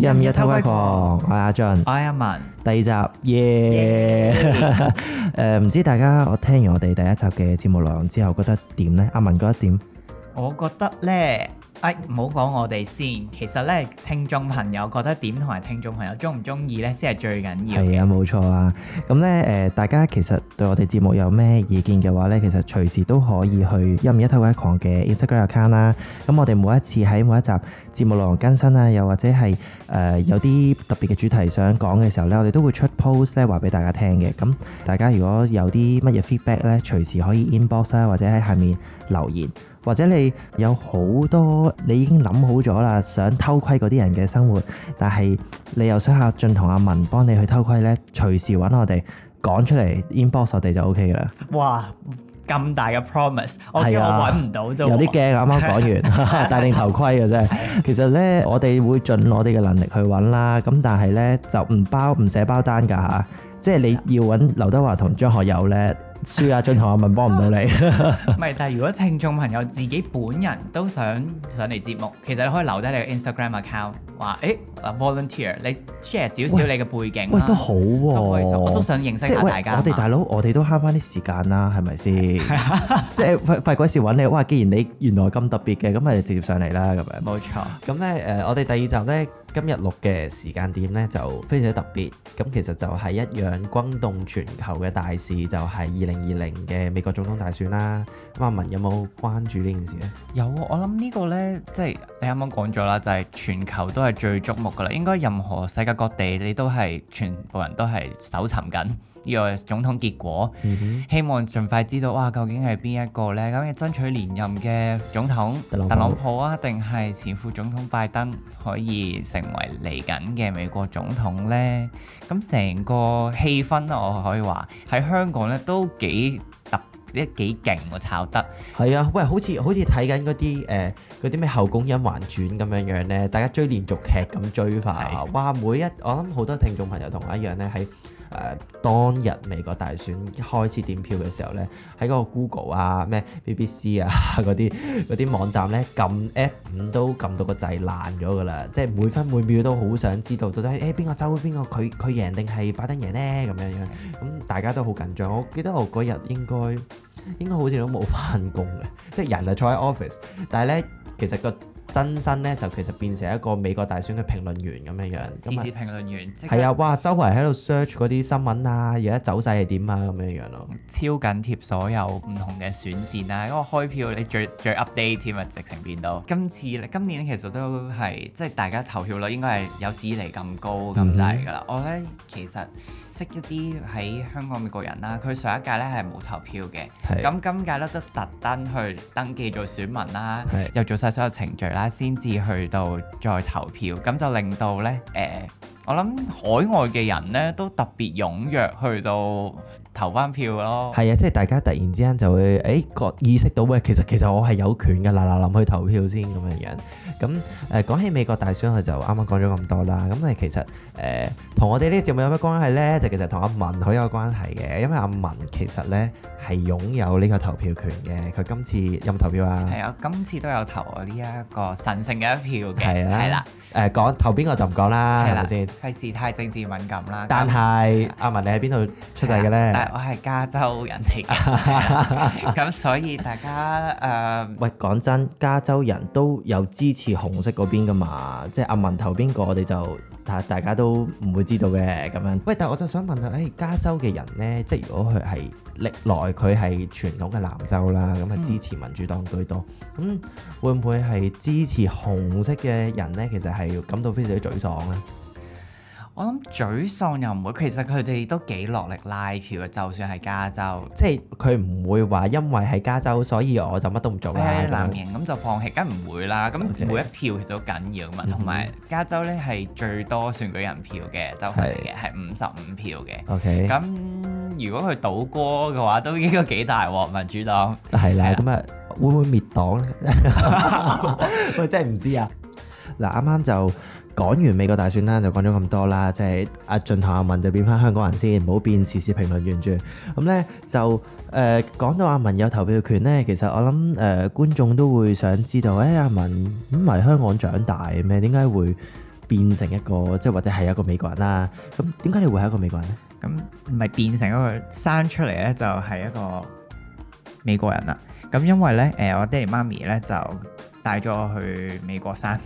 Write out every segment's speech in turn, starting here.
日日偷窺狂，我係阿俊，我係阿文，第二集，耶、yeah! Yeah! 呃！誒，唔知大家我聽完我哋第一集嘅節目內容之後，覺得點咧？阿文覺得點？我覺得咧。誒唔好講我哋先，其實咧聽眾朋友覺得點同埋聽眾朋友鍾唔鍾意咧，先係最緊要。係啊，冇錯啊。咁咧誒，大家其實對我哋節目有咩意見嘅話咧，其實隨時都可以去一唔一頭鬼一狂嘅 Instagram account 啦。咁我哋每一次喺每一集節目內容更新啊，又或者係誒、呃、有啲特別嘅主題想講嘅時候咧，我哋都會出 post 咧話俾大家聽嘅。咁大家如果有啲乜嘢 feedback 咧，隨時可以 inbox 啊，或者喺下面留言。或者你有好多你已經諗好咗啦，想偷窺嗰啲人嘅生活，但係你又想阿俊同阿文幫你去偷窺呢，隨時揾我哋講出嚟 inbox 我哋就 OK 啦。哇，咁大嘅 promise，係啊，我驚揾唔到，就有啲驚。啱啱講完戴定頭盔嘅啫。其實呢，我哋會盡我哋嘅能力去揾啦。咁但係呢，就唔包唔寫包單㗎嚇，即係你要揾劉德華同張學友呢。舒亞俊同阿文幫唔到你，唔 係，但係如果聽眾朋友自己本人都想上嚟節目，其實你可以留低你嘅 Instagram account，話誒 volunteer，你 share 少少你嘅背景喂，呃呃好啊、都好喎，我都想認識下大家。我哋大佬，我哋都慳翻啲時間啦，係咪先？係啊， 即係費鬼事揾你，哇！既然你原來咁特別嘅，咁咪直接上嚟啦，咁樣。冇錯，咁咧誒，我哋第二集咧今日錄嘅時間點咧就非常特別，咁其實就係一樣轟動全球嘅大事，就係、二二零二零嘅美國總統大選啦，啊，咁阿文有冇關注呢件事呢？有，啊，我諗呢個呢，即、就、係、是、你啱啱講咗啦，就係、是、全球都係最矚目噶啦，應該任何世界各地你都係全部人都係搜尋緊。呢個總統結果，嗯、哼希望盡快知道哇！究竟係邊一個咧？咁嘅爭取連任嘅總統特朗普啊，定係前副總統拜登可以成為嚟緊嘅美國總統呢？咁成個氣氛咧，我可以話喺香港咧都幾突，一幾勁我炒得係啊！喂，好似好似睇緊嗰啲誒啲咩後宮甄嬛傳咁樣樣呢，大家追連續劇咁追法哇！每一，我諗好多聽眾朋友同我一樣呢。喺。誒、呃、當日美國大選開始點票嘅時候呢，喺嗰個 Google 啊、咩 BBC 啊嗰啲啲網站呢，撳 F5 都撳到個掣爛咗㗎啦，即係每分每秒都好想知道到底誒邊個州邊個佢佢贏定係拜登贏呢？咁樣樣，咁、嗯、大家都好緊張。我記得我嗰日應該應該好似都冇翻工嘅，即係人就坐喺 office，但係呢其實個。真身咧就其實變成一個美國大選嘅評論員咁樣樣，時事評論員，係啊，即係，哇！周圍喺度 search 嗰啲新聞啊，而家走勢係點啊咁樣樣咯，超緊貼所有唔同嘅選戰啊。因為開票你最最 update 添啊，直情變到今次今年其實都係即係大家投票率應該係有史以嚟咁高咁就係㗎啦。嗯、我咧其實。識一啲喺香港嘅美國人啦，佢上一屆咧係冇投票嘅，咁今是屆咧都特登去登記做選民啦，是又做晒所有程序啦，先至去到再投票，咁就令到呢。誒、呃。我諗海外嘅人咧都特別踴躍去到投翻票咯。係啊，即係大家突然之間就會誒覺意識到喂，其實其實我係有權嘅，嗱嗱諗去投票先咁樣樣。咁誒、呃、講起美國大選，我就啱啱講咗咁多啦。咁誒其實誒同、呃、我哋呢個節目有乜關係呢？就其實同阿文好有關係嘅，因為阿文其實呢。係擁有呢個投票權嘅，佢今次有冇投票啊？係啊，今次都有投我呢一個神聖嘅一票嘅，係啦，係啦，誒，講投邊個就唔講啦，係咪先？費事太政治敏感啦。但係阿文你喺邊度出世嘅咧？我係加州人嚟嘅，咁所以大家誒，喂，講真，加州人都有支持紅色嗰邊㗎嘛，即係阿文投邊個，我哋就睇大家都唔會知道嘅咁樣。喂，但我就想問下，誒，加州嘅人咧，即係如果佢係歷來。佢係傳統嘅南州啦，咁係支持民主黨居多。咁會唔會係支持紅色嘅人咧？其實係感到非常之沮喪啦。我諗沮喪又唔會，其實佢哋都幾落力拉票嘅。就算係加州，即係佢唔會話因為係加州，所以我就乜都唔做啦。藍營咁就放棄，梗唔會啦。咁每一票其實好緊要嘅嘛，同埋加州咧係最多選舉人票嘅，就係，係五十五票嘅。OK，咁。如果佢倒戈嘅話，都應該幾大喎？民主黨係啦，咁啊會唔會滅黨咧？我真係唔知啊！嗱，啱啱就講完美國大選啦，就講咗咁多啦，即係阿俊同阿文就變翻香港人先，唔好變時事評論員住。咁咧就誒講到阿文有投票權咧，其實我諗誒觀眾都會想知道，誒阿文唔係香港長大咩？點解會變成一個即係或者係一個美國人啊？咁點解你會係一個美國人咧？咁唔係變成一個生出嚟咧就係一個美國人啦。咁因為咧，誒我爹哋媽咪咧就帶咗我去美國生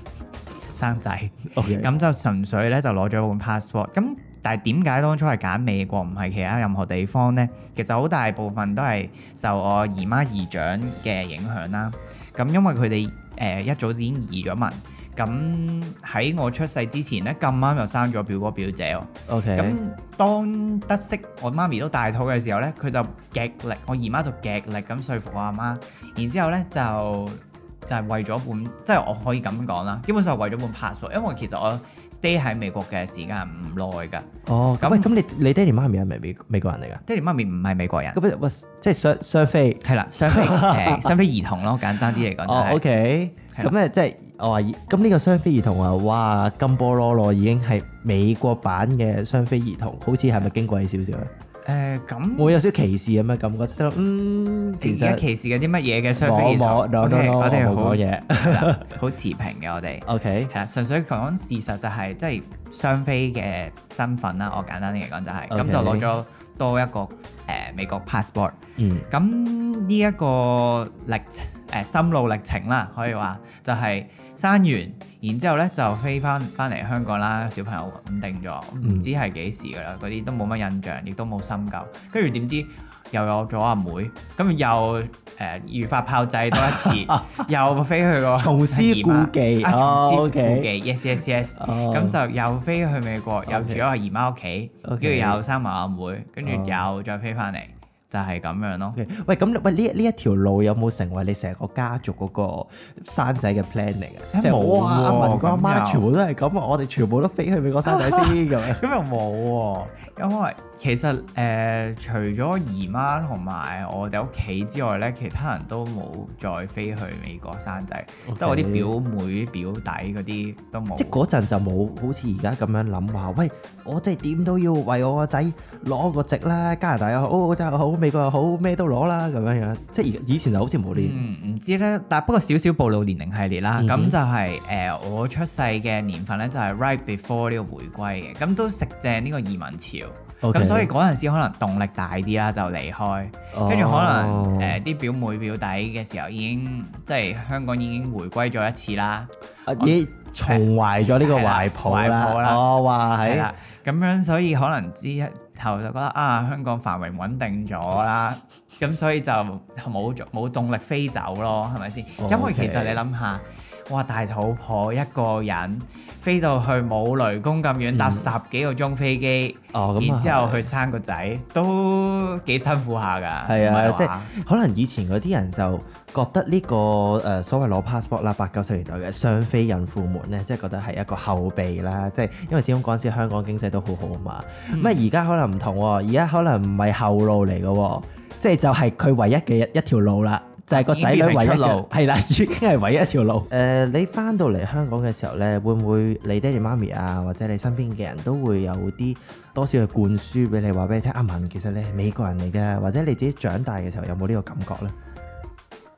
生仔。咁 Okay. 就純粹咧就攞咗本 passport。咁但係點解當初係揀美國唔係其他任何地方咧？其實好大部分都係受我姨媽姨丈嘅影響啦。咁因為佢哋誒一早已經移咗民。咁喺我出世之前咧，咁啱又生咗表哥表姐 OK，咁當得識我媽咪都大肚嘅時候咧，佢就極力，我姨媽就極力咁說服我阿媽。然之後咧就就係、是、為咗本，即係我可以咁講啦，基本上係為咗本護照，因為其實我 stay 喺美國嘅時間唔耐㗎。哦、oh, 那，咁咁你你爹哋媽咪係咪係美美國人嚟㗎？爹哋媽咪唔係美國人，咁即係雙雙非。係啦，雙非 兒童咯，簡單啲嚟講。OK 咁咧即係。我話咁呢個雙非兒童啊，哇，金波羅羅已經係美國版嘅雙非兒童，好似係咪矜貴少少咧？誒，咁會有少歧視咁嘅感覺，即係咯，嗯。而家歧視緊啲乜嘢嘅雙非兒童？我哋我哋冇講嘢，好持平嘅我哋。O K，係啦，純粹講事實就係即係雙非嘅身份啦。我簡單啲嚟講就係，咁就攞咗多一個誒美國 passport。嗯。咁呢一個力。誒心路歷程啦，可以話就係、是、生完，然之後咧就飛翻翻嚟香港啦。小朋友唔定咗，唔知係幾時噶啦，嗰啲都冇乜印象，亦都冇深究。跟住點知又有咗阿妹，妹，咁又誒如法炮製多一次， 又飛去、那個重施故技。重施故技，yes yes yes、哦。咁就又飛去美國，okay, 又住咗阿姨媽屋企，跟住 okay, 又生埋阿妹，妹，跟住又再飛翻嚟。嗯嗯嗯。就係咁樣咯。Okay。喂，咁喂呢呢一條路有冇成為你成個家族嗰個生仔嘅 plan 嚟㗎？即係冇啊！阿文哥阿媽全部都係咁啊，我哋全部都飛去美國生仔先咁。咁又冇喎，因為。其實誒、呃，除咗姨媽同埋我哋屋企之外咧，其他人都冇再飛去美國生仔，Okay. 即係我啲表妹表弟嗰啲都冇。即係嗰陣就冇好似而家咁樣諗話，喂，我即係點都要為我個仔攞個籍啦，加拿大又好，加拿大又好，美國又好，咩都攞啦咁樣樣。即係以前就好似冇、嗯、呢，唔知咧。但不過少少暴露年齡系列啦。咁、嗯、哼就係、是、誒、呃，我出世嘅年份咧就係、是、right before 呢個回歸嘅，咁都食正呢個移民潮。嗯。咁 Okay. 所以嗰陣時可能動力大啲啦，就離開，跟住、oh. 可能誒啲、呃、表妹表弟嘅時候已經即係香港已經回歸咗一次啦，uh, 我已重懷咗呢個懷抱啦。我話係，咁、哦、樣所以可能之後就覺得啊，香港繁圍穩定咗啦，咁 所以就冇冇動力飛走咯，係咪先？Okay. 因為其實你諗下，哇大肚婆一個人。飛到去冇雷公咁遠，搭十幾個鐘飛機，嗯哦、然之後去生個仔，都幾辛苦下㗎。係啊，即係可能以前嗰啲人就覺得呢、這個誒、呃、所謂攞 passport 啦，八九十年代嘅雙飛孕婦們咧，即係覺得係一個後備啦，即係因為始終嗰陣時香港經濟都好好嘛。咩而家可能唔同，而家可能唔係後路嚟嘅，即係就係佢唯一嘅一,一條路啦。就係個仔女唯一路係啦，已經係唯一條路。誒、呃，你翻到嚟香港嘅時候咧，會唔會你爹哋媽咪啊，或者你身邊嘅人都會有啲多少嘅灌輸俾你話俾你聽？阿、啊、文其實你係美國人嚟嘅，或者你自己長大嘅時候有冇呢個感覺咧？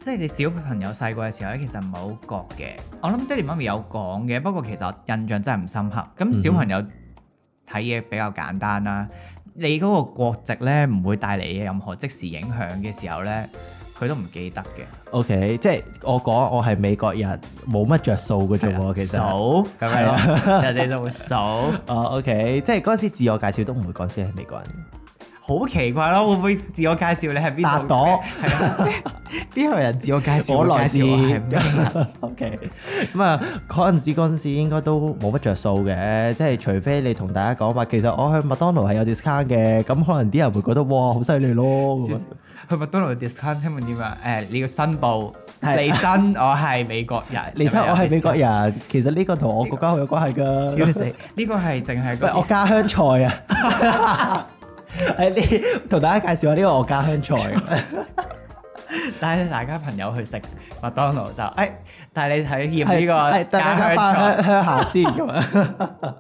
即係你小朋友細個嘅時候咧，其實唔係好覺嘅。我諗爹哋媽咪有講嘅，不過其實我印象真係唔深刻。咁小朋友睇嘢比較簡單啦，嗯、你嗰個國籍咧唔會帶嚟任何即時影響嘅時候咧。佢都唔記得嘅。OK，即係我講我係美國人，冇乜着數嘅啫喎，其實。數咁係咯，人哋都會數。哦，OK，即係嗰陣時自我介紹都唔會講自己係美國人。好奇怪咯，會唔會自我介紹你係邊度嘅？花朵。邊個人自我介紹？我來自。OK，咁啊，嗰陣時嗰陣時應該都冇乜着數嘅，即係除非你同大家講話，其實我去麥當勞係有 discount 嘅，咁可能啲人會覺得哇，好犀利咯。去麥當勞 discount 聽問點啊？誒、哎，你要申報你真 我係美國人，你真 我係美國人。其實呢個同我國家好有關係㗎。小食呢個係淨係我家鄉菜啊！誒、 哎，同大家介紹下呢、這個我家鄉菜， 帶大家朋友去食麥當勞就誒、哎，帶你體驗呢個家鄉菜鄉下先咁啊。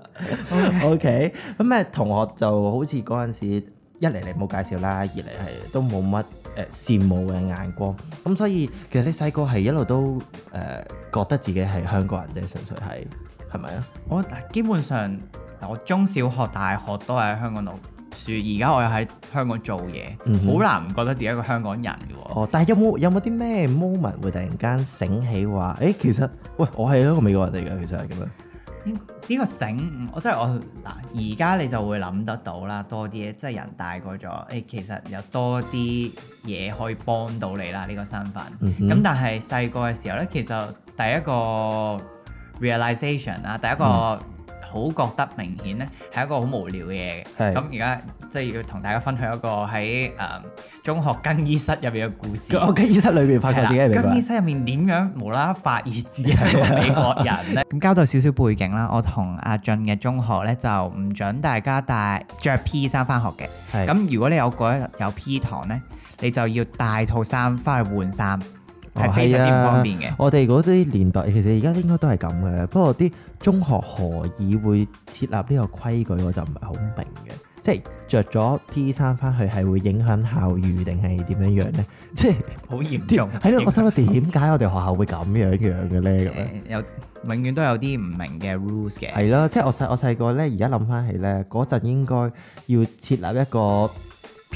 OK，咁誒、 嗯、同學就好似嗰陣時。一嚟你冇介紹啦，二嚟係都冇乜誒羨慕嘅眼光，咁所以其實你細個係一路都誒、呃、覺得自己係香港人啫，純粹係係咪啊？我基本上我中小學、大學都喺香港讀書，而家我又喺香港做嘢，好、嗯、哼難唔覺得自己係一個香港人嘅喎。哦，但係有冇有冇啲咩 moment 會突然間醒起話，誒、欸、其實喂，我係一個美國人嚟㗎，其實係咁樣。呢個醒，我真係我嗱，而家你就會諗得到啦，多啲嘢，即係人大個咗，誒，其實有多啲嘢可以幫到你啦，呢個身份。咁、嗯、哼但係細個嘅時候咧，其實第一個 realization 啦，第一個、嗯。好覺得明顯咧，係一個好無聊嘅嘢。咁而家即係要同大家分享一個喺誒中學更衣室入面嘅故事。喺更衣室裏面發覺自己係更衣室入面點樣無啦啦發現自己係美國人咧？咁 交代少少背景啦，我同阿俊嘅中學咧就唔準大家帶着 P 衫翻學嘅。咁的如果你有嗰有 P 堂咧，你就要帶套衫翻去換衫。係非常之方便嘅。哦啊、我哋嗰啲年代，其實而家應該都係咁嘅。不過啲中學何以會設立呢個規矩，我就唔係好明嘅。即係着咗 P 衫翻去係會影響校譽定係點樣樣咧？即係好嚴重。係咯 對，我心諗點解我哋學校會咁樣樣嘅咧？咁樣、呃、有永遠都有啲唔明嘅 rules 嘅。係咯、啊，即係我細我細個咧，而家諗翻起咧，嗰陣應該要設立一個。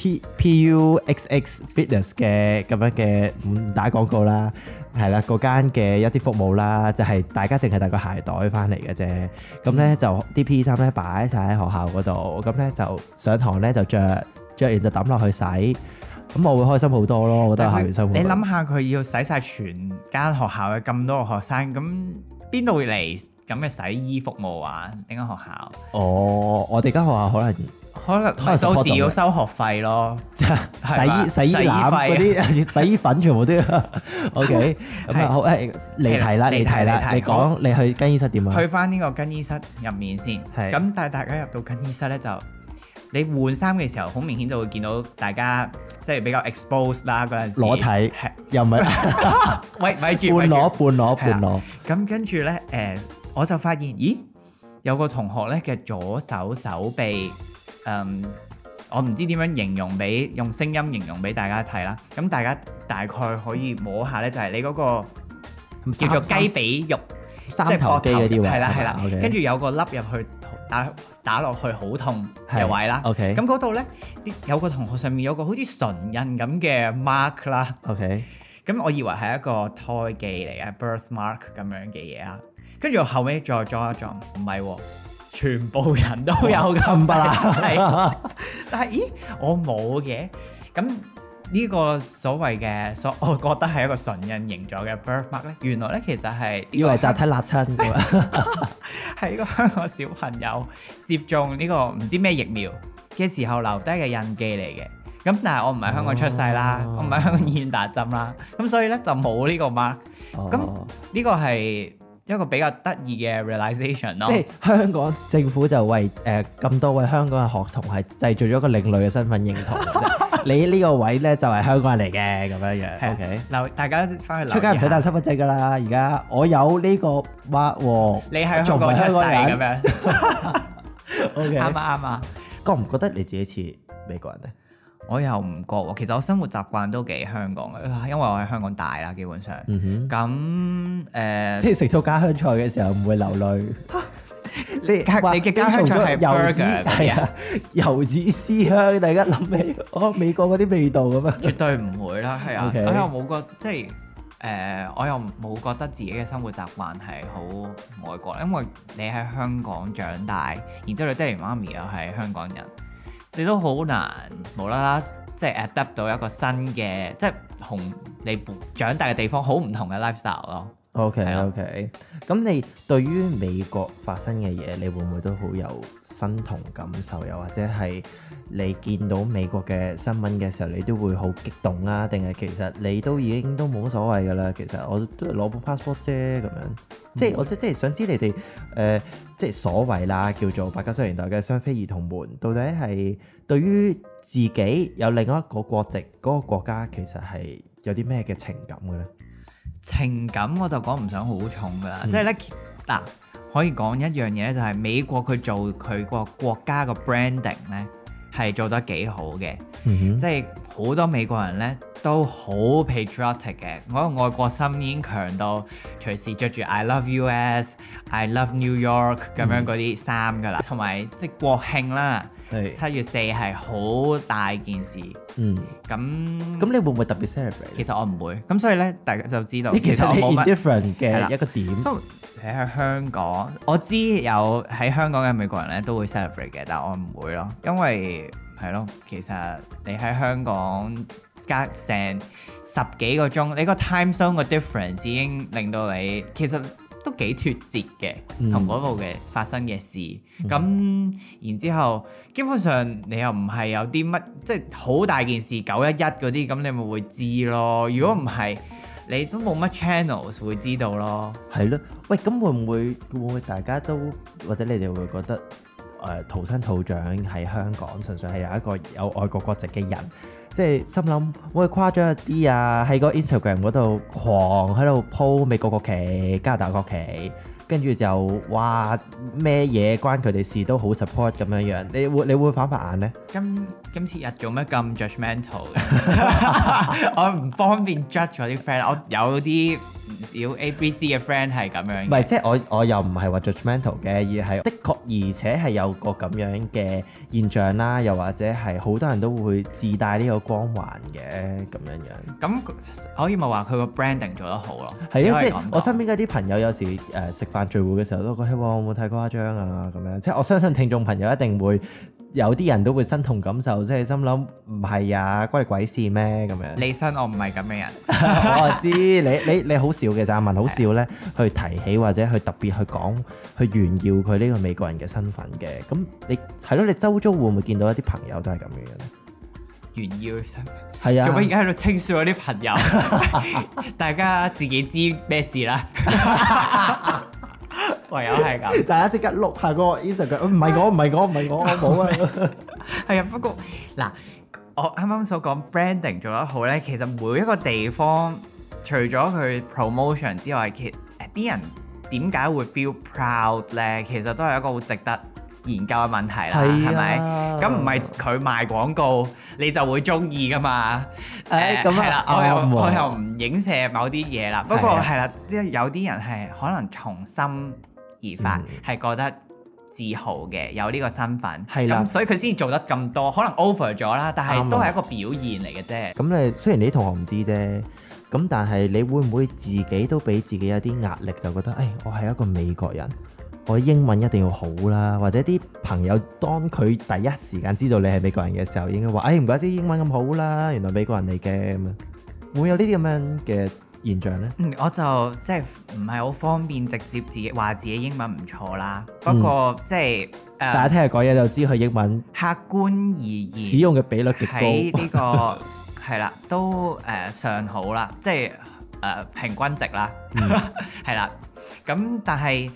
P P U X X Fitness 嘅咁樣嘅唔、嗯、打廣告啦，係啦，嗰間嘅一啲服務啦，就係、是、大家淨係帶個鞋袋翻嚟嘅啫。咁、嗯、咧、嗯、就啲 P 衫咧擺晒喺學校嗰度，咁咧就上堂咧就着着完就抌落去洗。咁我會開心好多咯，你我覺得校園生活。你諗下佢要洗晒全間學校嘅咁多個學生，咁邊度會嚟咁嘅洗衣服務啊？呢間學校？哦，我哋間學校可能。可能到時要收學費咯，洗衣、洗衣籃啲洗衣粉全部都要。OK，咁啊好係離題啦，離題啦，你講你去更衣室點啊？去翻呢個更衣室入面先，咁但係大家入到更衣室咧，就你換衫嘅時候，好明顯就會見到大家即係比較 expose 啦嗰陣時，裸體又唔係喂，咪住半裸半裸半裸。咁跟住咧，誒，我就發現，咦，有個同學咧嘅左手手臂。嗯，um，我唔知點樣形容俾用聲音形容俾大家睇啦。咁、嗯、大家大概可以摸下咧，就係你嗰個叫做雞髀肉，三頭肌嗰啲位，係啦係啦。跟住有個粒入去打打落去好痛嘅位啦。OK，咁嗰度咧有個同學上面有個好似唇印咁嘅 mark 啦。OK，咁我以為係一個胎記嚟嘅 birth mark 咁樣嘅嘢啊。跟住後尾再裝一裝，唔係喎。全部人都有㗎，咁細啦！但係，咦，我冇嘅，咁呢個所謂嘅，所我覺得係一個唇印形狀嘅 birthmark 咧。原來咧，其實係以為就睇邋親㗎，係一個香港小朋友接種呢個唔知咩疫苗嘅時候留低嘅印記嚟嘅。咁但係我唔係香港出世啦，我唔係香港先打針啦，咁所以咧就冇呢個 mark。咁呢個係。一個比較得意嘅 realization 咯，即係香港政府就為誒咁、uh, 多位香港嘅學童係製造咗一個另類嘅身份認同。 你呢個位咧就係香港人嚟嘅咁樣樣。O K，嗱，大家翻去出街唔使帶身份證噶啦。而家我有呢個碼喎，你係香港人，出世。咁樣。O K，啱啊，啱啊。覺唔覺得你自己似美國人咧？我又唔覺喎，其實我生活習慣都幾香港嘅，因為我喺香港大啦，基本上。咁誒，即係食到家鄉菜嘅時候唔會流淚。你家你嘅家鄉菜係 burger，係啊，遊子思鄉，大家諗起哦美國嗰啲味道咁樣，絕對唔會啦，係啊，我又冇覺即係誒，我又冇覺得自己嘅生活習慣係好外國，因為你喺香港長大，然之後你爹哋媽咪又係香港人。你都好難無啦啦，即係 adapt 到一個新嘅，即係同你長大嘅地方好唔同嘅 lifestyle 咯。OK 咯 OK，咁你對於美國發生嘅嘢，你會唔會都好有身同感受？又或者係你見到美國嘅新聞嘅時候，你都會好激動啊？定係其實你都已經都冇所謂㗎啦？其實我都係攞部 passport 啫，咁樣。即係我即係想知你哋誒、呃、即係所謂啦，叫做八九十年代嘅雙非兒童們，到底係對於自己有另外一個國籍嗰、那個國家，其實係有啲咩嘅情感嘅咧？情感我就講唔上好重噶啦，嗯、即係咧嗱，可以講一樣嘢咧，就係美國佢做佢個國家個 branding 咧。係做得幾好嘅，mm hmm. 即係好多美國人呢都好 patriotic 嘅，我愛國心已經強到隨時着住 I love U S、I love New York 咁樣嗰啲衫㗎啦，同埋、mm hmm. 即係國慶啦，七是月四係好大件事，咁咁、mm hmm. 那你會唔會特別 celebrate？其實我唔會，咁所以呢，大家就知道，其實你 indifferent 嘅一個點。了喺香港，我知有喺香港嘅美國人咧都會 celebrate 嘅，但係我唔會咯，因為係咯，其實你喺香港隔成十幾個鐘，你個 time zone 嘅 difference 已經令到你其實都幾脱節嘅，同嗰度嘅發生嘅事。咁、嗯、然之後，基本上你又唔係有啲乜即係好大件事，九一一嗰啲，咁你咪會知咯。如果唔係，嗯你都冇乜 channels 會知道咯，係咯，喂，咁會唔會會唔會大家都或者你哋會覺得誒土生土長喺香港，純粹係有一個有外國國籍嘅人，即係心諗會誇張一啲啊，喺個 Instagram 嗰度狂喺度 po 美國國旗、加拿大國旗，跟住就哇咩嘢關佢哋事都好 support 咁樣樣，你會你會反白眼呢？今次日做咩咁 judgmental 我唔方便 judge 我啲 friend，我有啲唔少 ABC 嘅 friend 係咁樣。唔係，即係我我又唔係話 judgmental 嘅，而係的確，而且係有個咁樣嘅現象啦，又或者係好多人都會自帶呢個光環嘅咁樣樣。咁可以咪話佢個 branding 做得好咯？係因為我身邊嗰啲朋友有時誒食飯聚會嘅時候都講：哇，冇太誇張啊！咁樣，即係我相信聽眾朋友一定會。有啲人都會身同感受，即係心諗唔係啊，關你鬼事咩咁樣？你身我唔係咁嘅人， 我知你你你好笑嘅，就阿文好笑咧 去提起或者去特別去講去炫耀佢呢個美國人嘅身份嘅。咁你係咯，你周遭會唔會見到一啲朋友都係咁樣嘅咧？炫耀身份係啊，做咩而家喺度清算我啲朋友？ 大家自己知咩事啦。 唯有係咁，大家即刻碌下個 Instagram，唔係我，唔係我，唔係我，我冇啊！係啊，不過嗱，我啱啱所講 branding 做得好咧，其實每一個地方除咗佢 promotion 之外，其實啲人點解會 feel proud 咧？其實都係一個好值得研究嘅問題啦，係咪？咁唔係佢賣廣告你就會中意㗎嘛？誒，咁啊，我又我又唔影射某啲嘢啦。不過係啦，即係有啲人係可能重新。而發係、嗯、覺得自豪嘅，有呢個身份，咁係啦所以佢先做得咁多，可能 over 咗啦，但係都係一個表現嚟嘅啫。咁、嗯嗯嗯、你雖然你啲同學唔知啫，咁但係你會唔會自己都俾自己有啲壓力，就覺得誒、哎，我係一個美國人，我英文一定要好啦，或者啲朋友當佢第一時間知道你係美國人嘅時候，應該話誒唔怪之英文咁好啦，原來美國人嚟嘅咁啊，會,會有呢啲咁樣嘅。現象呢，我就即係唔係好方便直接自己話自己英文唔錯啦。嗯、不過即係大家聽日講嘢就知佢英文。客觀而言，使用嘅比率極高，這個。呢個係啦，都誒上、uh, 好啦，即係誒、uh, 平均值啦，係啦、嗯。咁 但係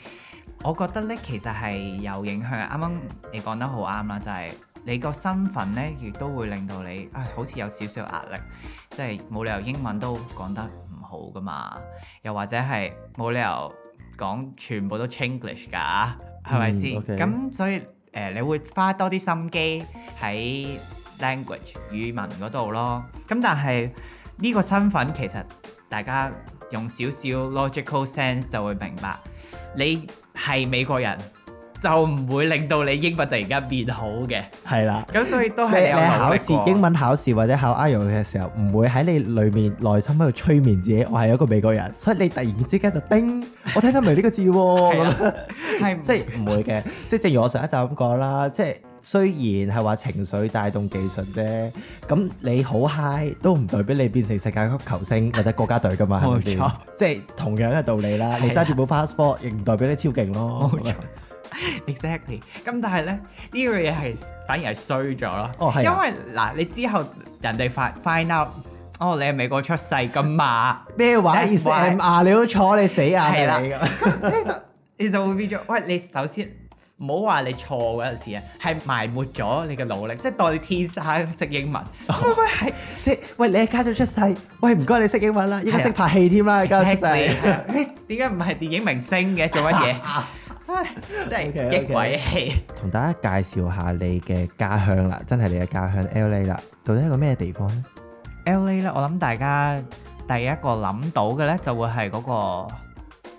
我覺得呢，其實係有影響。啱啱你講得好啱啦，就係、是、你個身份呢，亦都會令到你啊、哎，好似有少少壓力，即係冇理由英文都講得。冇噶嘛，又或者係冇理由講全部都 Chinglish 噶，係咪先？咁 Okay. 所以誒、呃，你會花多啲心機喺 language 語文嗰度咯。咁但係呢個身份其實大家用少少 logical sense 就會明白，你係美國人。就唔會令到你英文突然間變好嘅，係啦。咁所以都係你考試英文考試或者考 IELTS 嘅時候，唔會喺你裏面內心喺度催眠自己，我係一個美國人。所以你突然之間就叮，我聽得明呢個字喎。係，即係唔會嘅。即係正如我上一集咁講啦，即係雖然係話情緒帶動技術啫。咁你好嗨都唔代表你變成世界級球星或者國家隊噶嘛，係冇錯。即係同樣嘅道理啦。你揸住部 passport 亦唔代表你超勁咯。Exactly，咁但係咧呢樣嘢係反而係衰咗咯。哦，係。因為嗱，你之後人哋發 find out，哦，你係美國出世咁嘛？咩話？你係亞裔，你都坐，你死啊！係啦，其實你就會變咗。喂，你首先唔好話你錯嗰陣時啊，係埋沒咗你嘅努力，即係當你天生識英文。喂即係喂，你係加州出世，喂唔該你識英文啦，依家識拍戲添啦，加州仔。點解唔係電影明星嘅？做乜嘢？真係激鬼氣！同大家介紹下你嘅家鄉啦，真係你嘅家鄉 LA 啦，到底係個咩地方咧？LA 咧，我諗大家第一個諗到嘅咧，就會係嗰個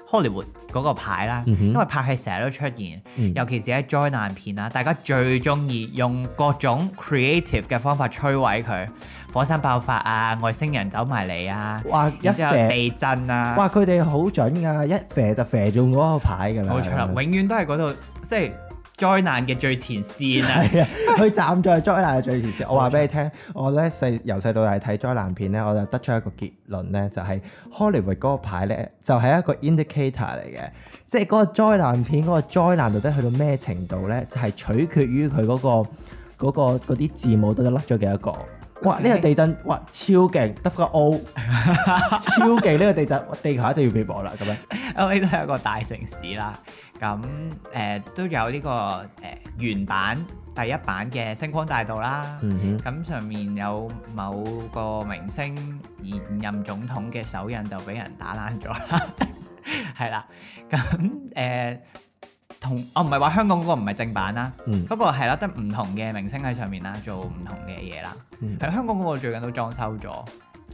Hollywood。嗰個牌啦，嗯、哼因為拍戲成日都出現，嗯、尤其是喺災難片啦，大家最中意用各種 creative 嘅方法摧毀佢，火山爆發啊，外星人走埋嚟啊，哇！一地震啊，哇！佢哋好準噶，一揈就揈中嗰個牌噶啦，冇錯啦，嗯、永遠都係嗰度，即係。災難嘅最前線啊！係啊！佢站在災難嘅最前線。 我話俾你聽，我咧細由細到大睇災難片咧，我就得出一個結論咧，就係、是、Hollywood 嗰個牌咧，就係、是、一個 indicator 嚟嘅，即係嗰個災難片嗰個災難到底去到咩程度咧，就係、是、取決於佢嗰、那個嗰、那個嗰啲字母到底甩咗幾多個。哇！呢個地震哇超勁，得個 O，超勁呢個地震，地球一定要滅亡啦咁樣。O 呢都係一個大城市啦，咁誒都有呢個誒原版第一版嘅星光大道啦，咁上面有某個明星現任總統嘅手印就俾人打爛咗啦，係啦，咁誒。同我唔係話香港嗰個唔係正版啦，嗯那個、不過係啦，得唔同嘅明星喺上面啦，做唔同嘅嘢啦。係、嗯、香港嗰個最近都裝修咗，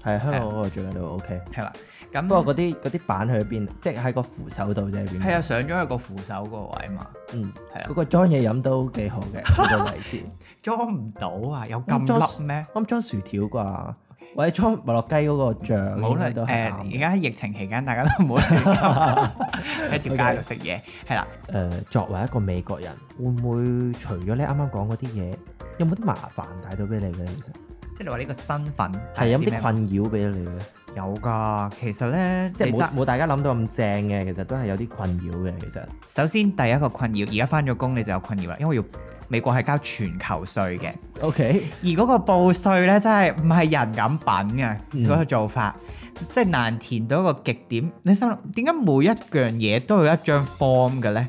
係、啊、香港嗰個最近都 OK。係嘛、啊？咁不過嗰啲嗰啲板去邊？即係喺個扶手度即係邊？係啊，上咗一個扶手嗰個位嘛。嗯，係啦、啊。嗰個裝嘢飲都幾好嘅呢、嗯啊、個位置。 裝唔到啊？有咁笠咩？咁裝，裝薯條啩。我哋衝麥樂雞嗰個醬，誒而家喺疫情期間，大家都冇喺條街度食嘢，係啦。 誒 Okay. 了、呃、作為一個美國人，會唔會除咗你啱啱講嗰啲嘢，有冇啲麻煩帶到俾你嘅？其實，即係你話呢個身份係有啲困擾俾你嘅。有噶，其實咧即係冇冇大家諗到咁正嘅，其實都係有啲困擾嘅。其實首先第一個困擾，而家返咗工你就有困擾啦，因為要美國係交全球稅嘅。OK. 而嗰個報稅咧真係唔係人咁品嘅嗰、嗯、個做法，即係難填到一個極點。你心諗點解每一樣嘢都有一張 form 嘅咧？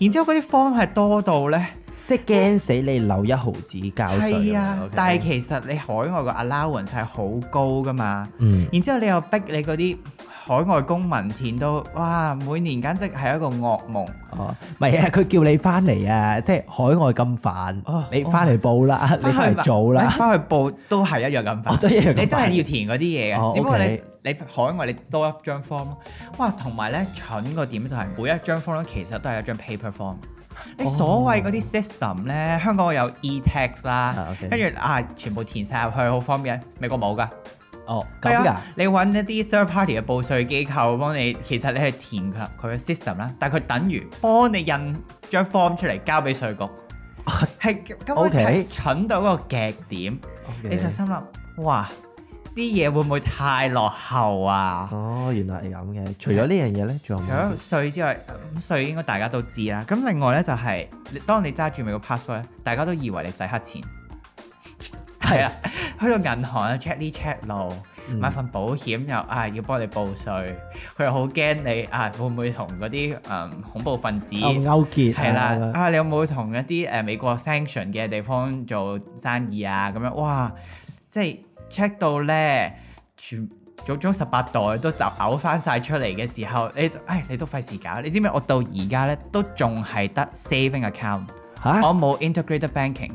然之後嗰啲 form 係多到咧。即係驚死你漏一毫紙交稅，係啊！但係其實你海外個 allowance 係好高噶嘛，嗯。然之後你又逼你嗰啲海外公民填到，哇！每年簡直係一個噩夢。哦，唔係啊，佢叫你翻嚟啊，即係海外咁煩，你翻嚟報啦，你翻嚟做啦，翻去報都係一樣咁煩。一樣你真係要填嗰啲嘢啊？只不過你你海外你多一張 form 咯。哇！同埋咧，蠢個點就係每一張 form 其實都係一張 paper form。你所謂嗰啲 system 咧，香港有 e-tax 啦，跟住啊，okay. 啊，全部填晒入去好方便，美國冇噶。哦，係啊，你揾一啲 third party 嘅報稅機構幫你，其實你係填入佢嘅 system 啦，但係佢等於幫你印張 form 出嚟交俾稅局，係咁， 根本係 Okay. 蠢到個極點，Okay. 你就心諗哇。啲嘢會唔會太落後啊？哦，原來係咁嘅。除咗呢樣嘢咧，仲有咩？除咗稅之外，稅應該大家都知啦。咁另外咧就係、是，當你揸住美國 passport 大家都以為你洗黑錢。係啊是，去到銀行啊 check 呢 check 路，嗯、買份保險又啊要幫你報稅，佢又好驚你啊會唔會同嗰啲誒恐怖分子勾結係啦？的啊，啊，你有冇同一啲誒美國 sanction 嘅地方做生意啊？咁樣哇，即係。check 到咧，全祖宗十八代都就嘔翻晒出嚟嘅時候，你誒你都費事搞。你知唔知我到而家咧都仲係得 saving account 嚇、啊，我冇 integrated banking。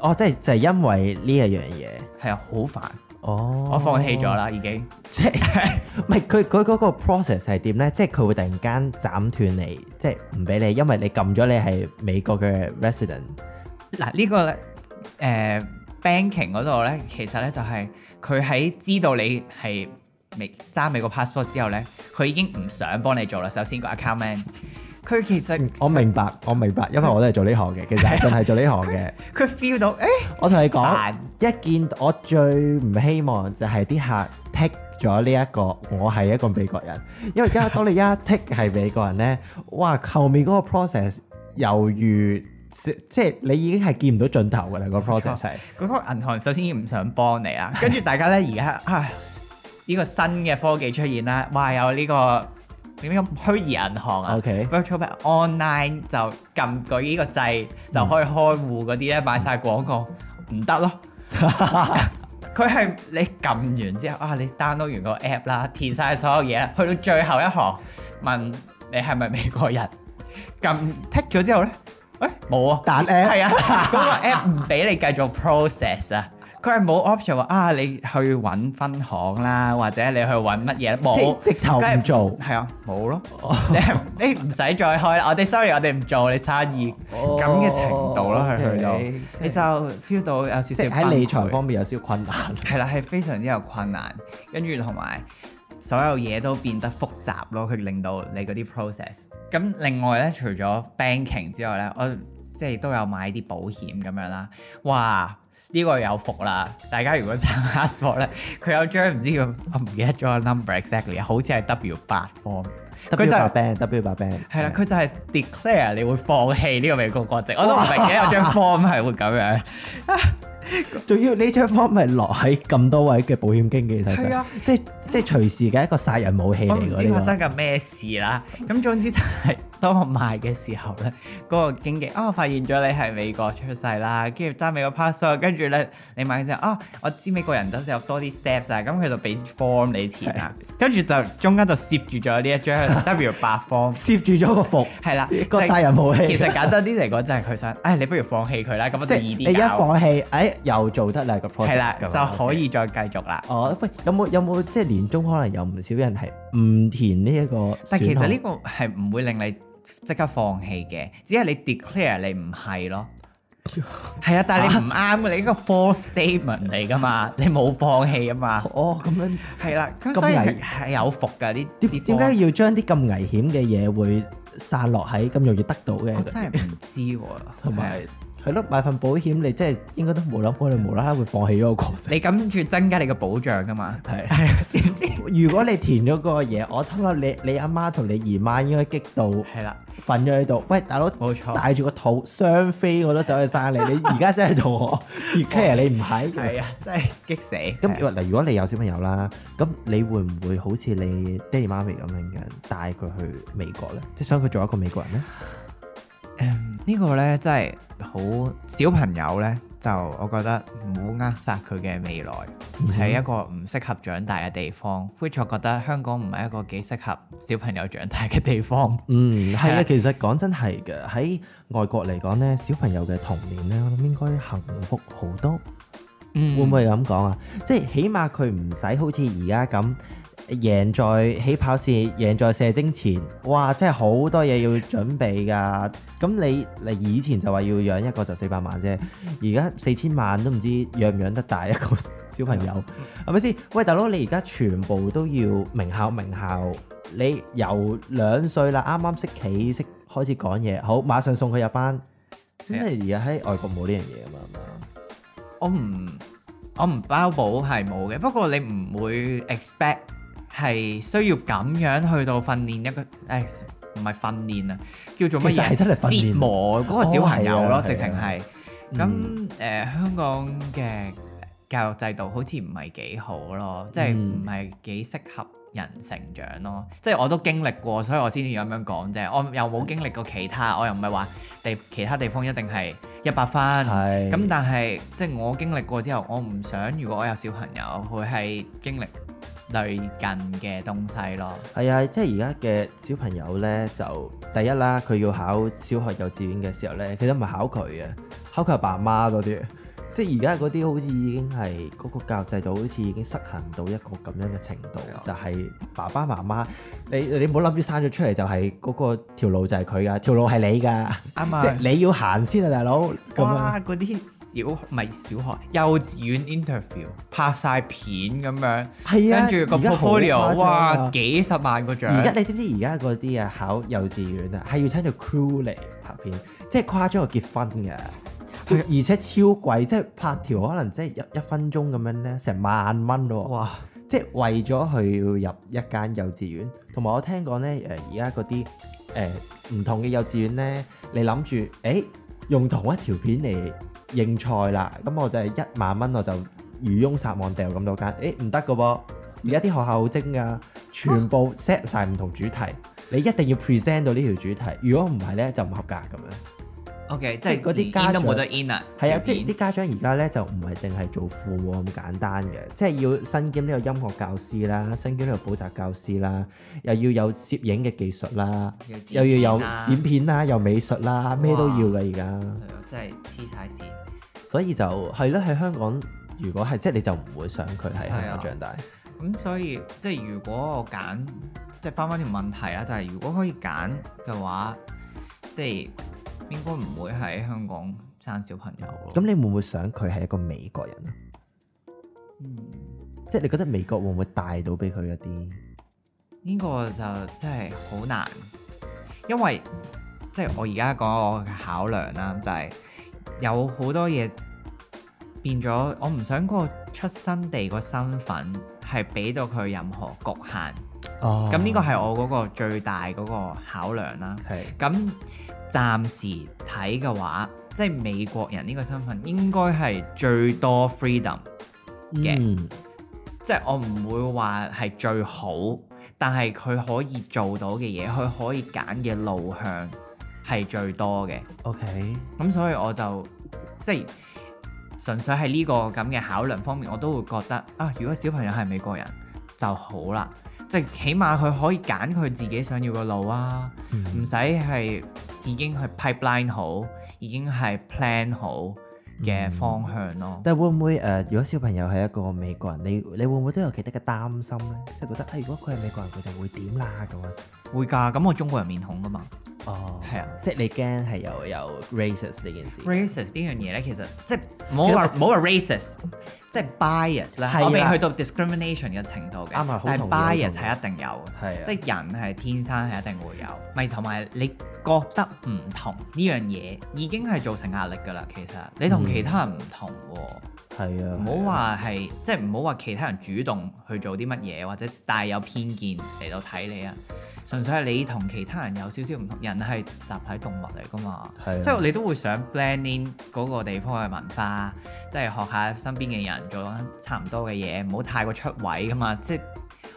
哦，即係就係、是、因為呢一樣嘢係啊好煩，哦、我放棄咗啦已經。即係唔係佢佢嗰個 process 係點咧？即係佢會突然間斬斷你，即係唔俾你，因為你撳咗你係美國嘅 resident。嗱呢、啊呢個咧誒。呃呃 banking 嗰度咧，其實咧就係佢喺知道你係未揸美國 passport 之後咧，佢已經唔想幫你做啦。首先個 account man，佢其實我明白，我明白，因為我都係做呢行嘅，其實仲係做呢行嘅。佢 feel 到，哎、欸，我同你講， 一見我最唔希望就係啲客 take 咗呢一個我係一個美國人，因為而家當你一剔係美國人咧， 哇，後面嗰個 process 猶如～即係你已經係見唔到盡頭㗎啦， 個 process 係嗰銀行首先已經唔想幫你啦， 跟住大家咧而家啊呢、呢個新嘅科技出現啦，哇有呢、呢個點解？有有虛擬銀行啊 Okay.，virtual bank online 就撳住呢個掣就可以開戶嗰啲咧，買晒、嗯、廣告唔得、嗯、咯，佢係 你撳完之後啊，你 download 完個 app 啦，填晒所有嘢啦，去到最後一行問你係咪美國人撳 tick 咗之後咧？喂，冇、欸、啊，但係，係啊，嗰、嗰個 app 唔俾 你繼續 process 啊，佢係冇 option 話啊，你去揾分行啦，或者你去揾乜嘢，冇、啊，直頭唔做，係啊，冇咯、啊哦，你係，你唔使再開啦，我哋 sorry，我哋唔做你生意，咁嘅、哦、程度咯、啊，佢去到，白你就 feel 到有少少，喺理財方面有少少困難，係啦、啊，係、啊啊、非常之有困難，跟住同埋。所有嘢都變得複雜咯，佢令到你嗰啲 process。咁另外咧，除咗 banking 之外咧，我即係都有買啲保險咁樣啦。哇，呢個有福啦！大家如果 passport 咧，佢有張唔知叫，我唔記得咗個 number exactly，好似係 W 八 form。W 八 ban，W 八 bank 的。係啦，佢就係 declare 你會放棄呢個美國國籍，哇我都唔明嘅，有哇張 form 係會咁樣。啊仲 要呢張 form 咪落喺咁多位嘅保險經紀手上，啊、即係即係隨時嘅一個殺人武器嚟嘅喎。我唔知發生緊咩事啦。咁 總之就係當我賣嘅時候咧，嗰、嗰個經紀啊，哦、我發現咗你係美國出世啦，跟住揸美國 passport，跟住咧你買嘅時候啊、哦，我知美國人等都有多啲 steps 啊，咁佢就俾 form 你錢啦。的 跟住就中間就攝住咗呢一張 W 八方，攝住咗個服，係啦個殺人武器。其實簡單啲嚟講，就係佢想，哎，你不如放棄佢啦。咁即係你而家放棄，哎，又做得嚟個 project，係啦，就可以再繼續啦。哦，喂，有冇有冇即係年中可能有唔少人係唔填呢一個，但其實呢個係唔會令你即刻放棄嘅，只係你 declare 你唔係咯。係啊， 但係你唔啱啊。 你呢個 false statement 嚟噶嘛，你冇放棄啊嘛。哦，咁樣係啦，咁所以係有伏噶啲。點解為要將啲咁危險嘅嘢會散落喺咁容易得到嘅？真係唔知喎。同埋 的。係咯，買份保險，你即係應該都冇諗過你無啦啦會放棄咗個國籍。你諗住增加你個保障噶嘛？係的。係。點知如果你填咗嗰個嘢，我偷諗你你阿媽同你姨媽應該激到係啦，瞓咗喺度。喂，大佬，冇錯錯。帶住個肚雙飛我都走去生你。 你而家真係同我越 care 你唔係？係啊，真係激死。咁嗱的，如果你有小朋友啦，咁你會唔會好似你爹哋媽咪咁樣樣帶佢去美國咧？即係想佢做一個美國人咧？呢、嗯呢個呢，真係好小朋友呢，就我覺得唔好扼殺佢嘅未來，係、嗯、哼一個唔適合長大嘅地方。Which 我覺得香港唔係一個幾適合小朋友長大嘅地方。嗯，係啊， 其實講真係嘅，喺外國嚟講呢，小朋友嘅童年呢，我諗應該幸福好多。嗯、會唔會咁講啊？即係起碼佢唔使好似而家咁。贏在起跑線，贏在射精前，哇！真係好多嘢要準備㗎。咁你你以前就話要養一個就四百萬啫，而家四千萬都唔知養唔養得大一個小朋友係咪先？喂，大佬你而家全部都要名校名校，你由兩歲啦，啱啱識企識開始講嘢，好，馬上送佢入班。咁你而家喺外國冇呢樣嘢㗎嘛？我唔我唔包保係冇嘅，不過你唔會 expect。係需要咁樣去到訓練一個，誒唔係訓練啊，叫做乜嘢？其實係真係折磨嗰個小朋友咯，oh, 啊、直情係。咁誒、啊，香港嘅教育制度好似唔係幾好咯，即係唔係幾適合人成長咯？嗯、即係我都經歷過，所以我先至咁樣講啫。我又冇經歷過其他，我又唔係話地其他地方一定係一百分。係是。咁但係即係我經歷過之後，我唔想如果我有小朋友，佢係經歷類近嘅東西咯，係啊，即係而家嘅小朋友呢，就第一啦，佢要考小學、幼稚園嘅時候呢，其實唔係考佢嘅，考佢爸媽嗰啲。即係而家嗰啲好似已經係嗰、嗰個教育制度好似已經失衡到一個咁樣嘅程度，的就係爸爸媽媽，你你唔好諗住生咗出嚟就係嗰個條路就係佢㗎，條路係你㗎。啱啊的！即係你要行先啊，大佬。哇！嗰啲樣唔係小學幼稚園 interview 拍晒片咁樣，係的啊，跟住咁 portfolio 哇幾十萬個獎。而家你知唔知而家嗰啲啊考幼稚園啊係要請到 crew 嚟拍片，即係誇張到結婚㗎。而且超貴，即係拍條可能即係一一分鐘咁樣咧，成萬蚊喎！哇！即係為咗去入一間幼稚園，同埋我聽講咧，誒而家嗰啲誒唔同嘅幼稚園咧，你諗住誒用同一條片嚟應賽啦，咁我就係一萬蚊我就漁翁撒網掉咁多間，誒唔得噶噃！而家啲學校好精噶、啊，全部 set 晒唔同主題，啊、你一定要 present 到呢條主題，如果唔係咧就唔合格咁樣。O.K. 即係嗰啲家長，係啊，即係啲家長而家咧就唔係淨係做父母咁簡單嘅，即係要身兼呢個音樂教師啦，身兼呢個補習教師啦，又要有攝影嘅技術啦，要啊、又要有剪片啦、啊，又美術啦，咩都要嘅而家。係啊，真係黐晒線。所以就係咯，喺香港，如果係即係你就唔會想佢喺香港長大。咁、啊、所以即係如果我揀，即係翻返條問題啦，就係、是、如果可以揀嘅話，即係。應該唔會喺香港生小朋友。咁你會唔會想佢係一個美國人啊？嗯，即係你覺得美國會唔會帶到俾佢一啲？呢個就真係好難，因為即係、就是、我而家講我嘅考量啦，就係、是、有好多嘢變咗。我唔想個出生地個身份係俾到佢任何局限。哦，咁呢個係我嗰個最大嗰個考量啦。係，咁。暫時睇嘅話，即係美國人呢個身份應該係最多 freedom 嘅，嗯、即係我唔會話係最好，但係佢可以做到嘅嘢，佢可以揀嘅路向係最多嘅。OK，咁所以我就即係純粹係呢個咁嘅考量方面，我都會覺得啊，如果小朋友係美國人就好啦，即係起碼佢可以揀佢自己想要嘅路啊，唔使係。已經係 pipeline 好，已經係 plan 好嘅方向咯。嗯、但係會唔會誒、呃？如果小朋友係一個美國人，你你會唔會都有其他嘅擔心呢？即係覺得誒，如果佢係美國人，佢就會點啦咁樣？會㗎，咁我中國人面孔㗎嘛。哦，係啊，即係你驚係有有 racist 呢件事。racist 呢樣嘢咧，其實即係唔好話唔好話 racist，即係 bias 啦。我未去到 discrimination 嘅程度嘅，但係 bias 係一定有，即係人係天生係一定會有。咪同埋你覺得唔同呢樣嘢已經係造成壓力㗎啦。其實你同其他人唔同喎，係啊，唔好話係即係唔好話其他人主動去做啲乜嘢，或者帶有偏見嚟到睇你啊。純粹係你同其他人有少少唔同，人係集體動物嚟噶嘛，的即係你都會想 blend in 嗰個地方嘅文化，即係學下身邊嘅人做緊差唔多嘅嘢，唔好太過出位噶嘛，即係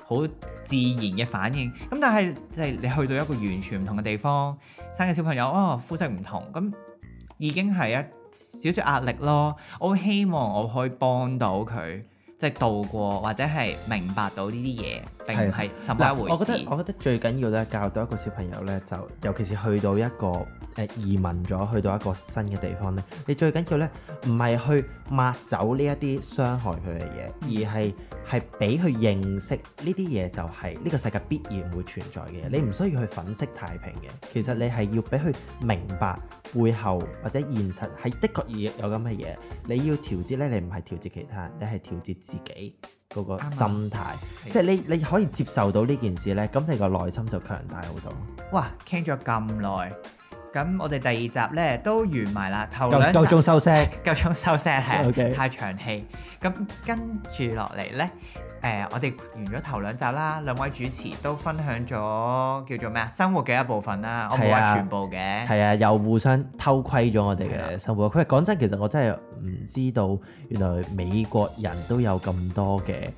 好自然嘅反應。咁但係即係你去到一個完全唔同嘅地方，生嘅小朋友哦，膚色唔同，咁已經係一少少壓力咯。我希望我可以幫到佢，即係度過或者係明白到呢啲嘢。係，我覺得我覺得最緊要咧，教到一個小朋友咧，就尤其是去到一個誒、呃、移民咗，去到一個新嘅地方咧，你最緊要咧，唔係去抹走呢一啲傷害佢嘅嘢，而係係俾佢認識呢啲嘢就係呢個世界必然會存在嘅嘢，你唔需要去粉飾太平嘅，其實你係要俾佢明白背後或者現實係的確有咁嘅嘢，你要調節咧，你唔係調節其他，你係調節自己。嗰個心態，啊、即係你你可以接受到呢件事呢，咁的你個內心就強大好多。哇，傾咗咁耐，咁我哋第二集呢都完埋啦，頭兩集夠鐘收聲，夠鐘收聲，係 Okay. 太長氣。咁跟住落嚟呢。誒、呃，我哋完咗頭兩集啦，兩位主持都分享咗叫做咩啊，生活嘅一部分啦，啊、我冇話全部嘅。係啊，又互相偷窺咗我哋嘅生活，佢係講真，其實我真係唔知道，原來美國人都有咁多嘅。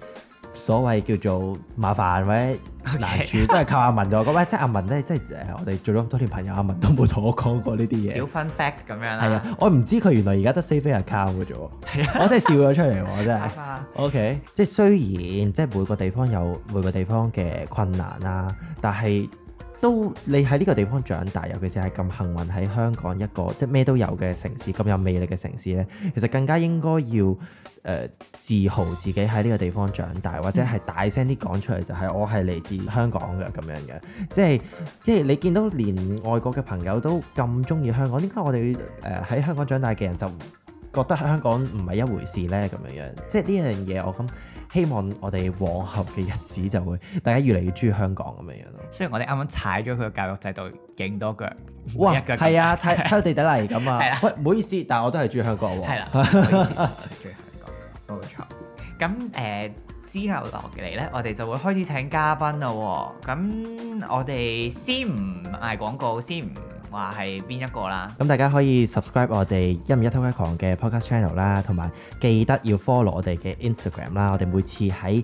所謂叫做麻煩或者 Okay. 難處，都係靠阿文咗。咁喂， 即係阿文咧，即係誒，我哋做咗咁多年 朋友，阿文都冇同我講過呢啲嘢。小分 fact 咁樣啦。係啊，我唔知佢原來帳帳而家得 save your card 啫。係啊， 我真係笑咗出嚟喎，我真係。OK，即係雖然即係每個地方有每個地方嘅困難啦，但係都你喺呢個地方長大，尤其是係咁幸運喺香港一個即係咩都有嘅城市，咁有魅力嘅城市咧，其實更加應該要。誒、呃、自豪自己喺呢個地方長大，或者係大聲啲講出嚟，就係我係嚟自香港嘅咁樣嘅，即係即係你見到連外國嘅朋友都咁中意香港，點解我哋誒喺香港長大嘅人就覺得香港唔係一回事呢？咁樣樣，即係呢樣嘢，我咁希望我哋往後嘅日子就會大家越嚟越中意香港咁樣樣咯。雖然我哋啱啱踩咗佢嘅教育制度勁多腳，哇，係啊，踩踩到地底嚟咁啊，啊！喂，唔好意思，但係我都係中意香港喎。 冇錯，咁誒、呃、之後落嚟呢，我哋就會開始請嘉賓咯、哦。咁我哋先唔嗌廣告，先唔話係邊一個啦。咁大家可以 subscribe 我哋一五一 Talk 狂嘅 podcast channel 啦，同埋記得要 follow 我哋嘅 Instagram 啦。我哋每次喺誒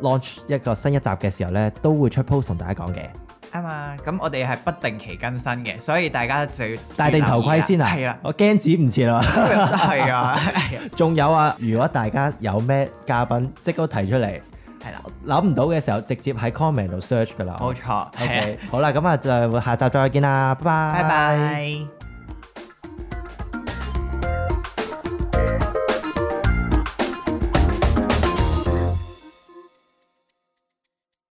launch 一個新一集嘅時候呢，都會出 post 同大家講嘅。啊嘛，咁我哋係不定期更新嘅，所以大家就要戴定頭盔先啊。係啦，我驚止唔切咯。真係啊！仲有啊，如果大家有咩嘉賓，即刻提出嚟。係啦，諗唔到嘅時候，直接喺 comment 度 search 㗎啦。冇錯。OK，好啦，咁啊就下集再見啦，拜拜。拜拜。